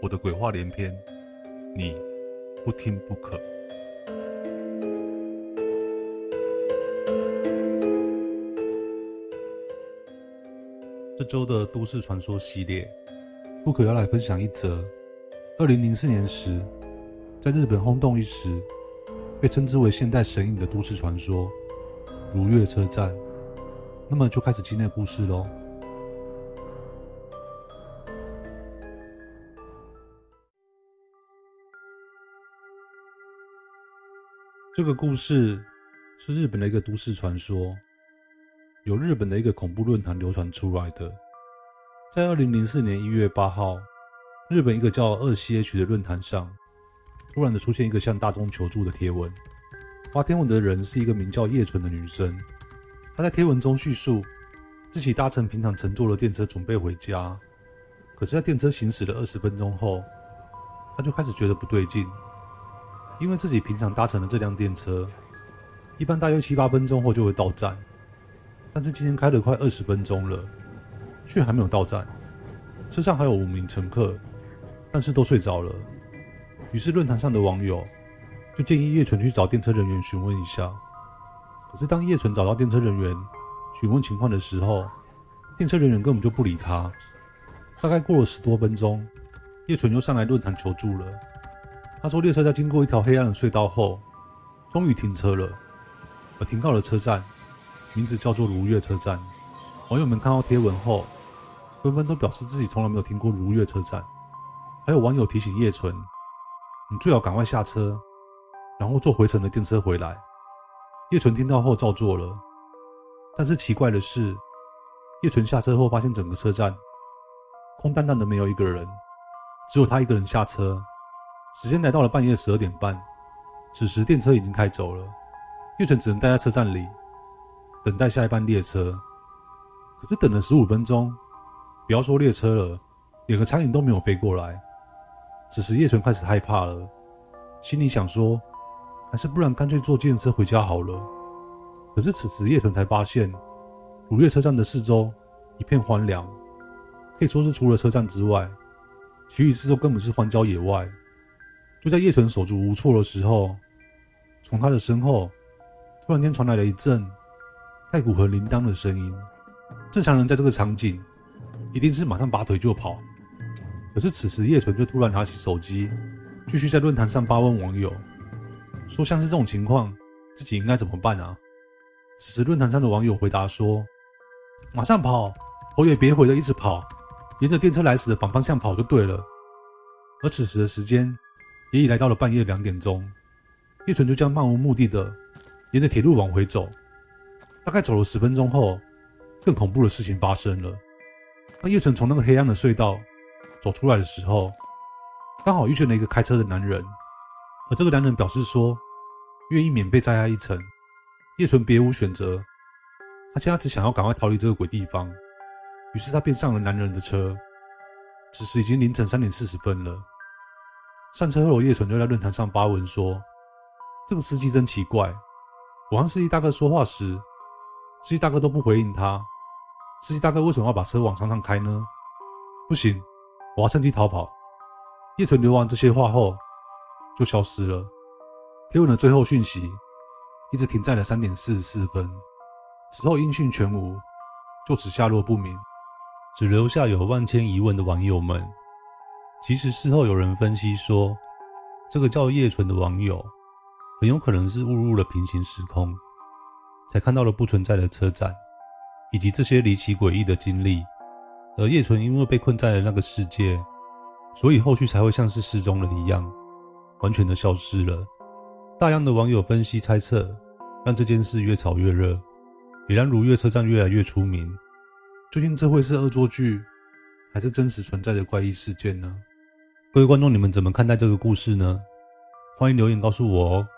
我的鬼話連篇，你不聽不可。這週的都市傳說系列，Book 要來分享一則。二零零四年時，在日本轟動一時，被稱之為現代神隱的都市傳說——如月車站。那麼，就開始今天的故事嘍。這個故事是日本的一個都市傳說，由日本的一個恐怖論壇流傳出來的。在二零零四年一月八號，日本一個叫二 CH 的論壇上，突然的出現一個向大眾求助的貼文。發貼文的人是一個名叫葉純的女生，她在貼文中敘述自己搭乘平常乘坐的電車準備回家，可是，在電車行駛了二十分鐘後，她就開始覺得不對勁。因為自己平常搭乘的這輛電車，一般大約七八分鐘後就會到站，但是今天開了快二十分鐘了，卻還沒有到站。車上還有五名乘客，但是都睡着了。於是論壇上的網友就建議葉純去找電車人員詢問一下。可是當葉純找到電車人員詢問情況的時候，電車人員根本就不理他。大概過了十多分鐘，葉純又上來論壇求助了。他說：“列車在經過一條黑暗的隧道後，終於停車了，而停靠的車站名字叫做如月車站。”網友們看到貼文後，紛紛都表示自己從來沒有聽過如月車站。還有網友提醒葉純：“你最好趕快下車，然後坐回程的電車回來。”葉純聽到後照做了，但是奇怪的是，葉純下車後發現整個車站空蕩蕩的，沒有一個人，只有他一個人下車。時間來到了半夜十二點半，此時電車已經開走了，葉晨只能待在車站裡，等待下一班列車。可是等了十五分鐘，不要說列車了，連個蒼蠅都沒有飛過來。此時葉晨開始害怕了，心裡想說，還是不然乾脆坐計程車回家好了。可是此時葉晨才發現，如月車站的四周一片荒涼，可以說是除了車站之外，其餘四周根本是荒郊野外。就在葉純手足無措的時候，從他的身後突然間傳來了一陣太鼓和鈴鐺的聲音。正常人在這個場景一定是馬上拔腿就跑，可是此時葉純卻突然拿起手機，繼續在論壇上發問網友：“說像是這種情況，自己應該怎麼辦啊？”此時論壇上的網友回答說：“馬上跑，頭也別回的，一直跑，沿着電車來時的反方向跑就對了。”而此時的時間。也已來到了半夜兩點鐘，葉純就這樣漫無目的的沿着鐵路往回走。大概走了十分鐘後，更恐怖的事情發生了。當葉純從那個黑暗的隧道走出來的時候，剛好遇見了一個開車的男人，而這個男人表示說願意免費載他一程。葉純別無選擇，他現在只想要趕快逃離這個鬼地方，於是他便上了男人的車。此時已經凌晨三點四十分了。上車後，葉純就在論壇上發文說：“這個司機真奇怪，我和司機大哥說話時，司機大哥都不回應他。司機大哥為什麼要把車往山上開呢？不行，我要趁機逃跑。”葉純留完這些話後就消失了。貼文的最後訊息一直停在了三點四十四分，此後音訊全無，就此下落不明，只留下有萬千疑問的網友們。其實事後有人分析說，這個叫葉純的網友很有可能是誤入了平行時空，才看到了不存在的車站，以及這些離奇詭異的經歷。而葉純因為被困在了那個世界，所以後續才會像是失蹤了一樣，完全的消失了。大量的網友分析猜測，讓這件事越炒越熱，也讓如月車站越來越出名。究竟這會是惡作劇，還是真實存在的怪異事件呢？各位觀眾，你們怎麼看待這個故事呢？歡迎留言告訴我哦。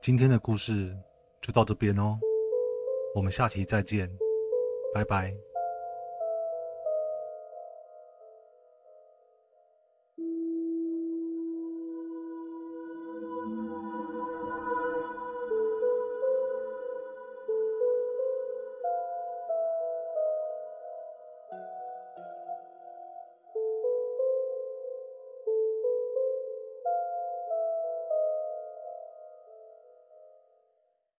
今天的故事就到這邊哦，我們下期再見，拜拜。